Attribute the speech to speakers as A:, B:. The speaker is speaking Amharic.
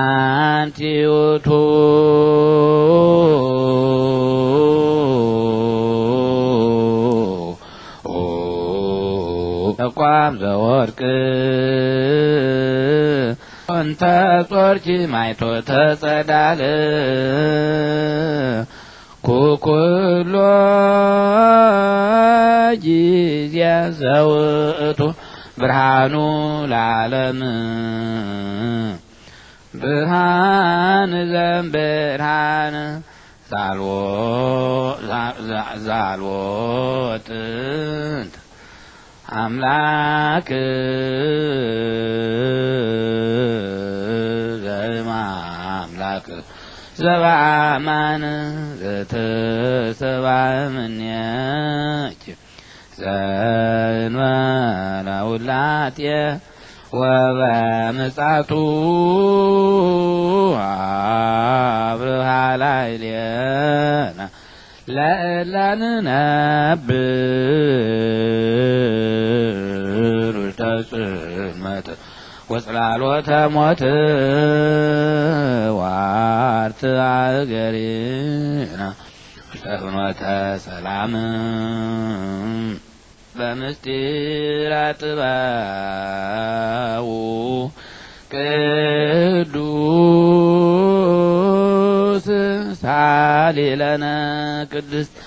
A: አንቲዩቱ ዩቱ ተቋም ዘወርቅ እንተ ጾርኪ ማይቶ ተጸዳል ኩኩሎ ጊዜ ዘውእቱ ብርሃኑ ለዓለም ብርሃን ዘምብርሃን ዛልዎ ጥንት አምላክ ዘማ አምላክ ዘባማን ዘተሰባምንች ዘንበረ ውላትየ ወበምጻቱ ላይ ሌነ ለእለንነብር ተጽመት ወጽላሎተ ሞት ዋርት አገሪና ፍኖተ ሰላም በምስጢረ ጥበብ ሳሊለነ ቅድስት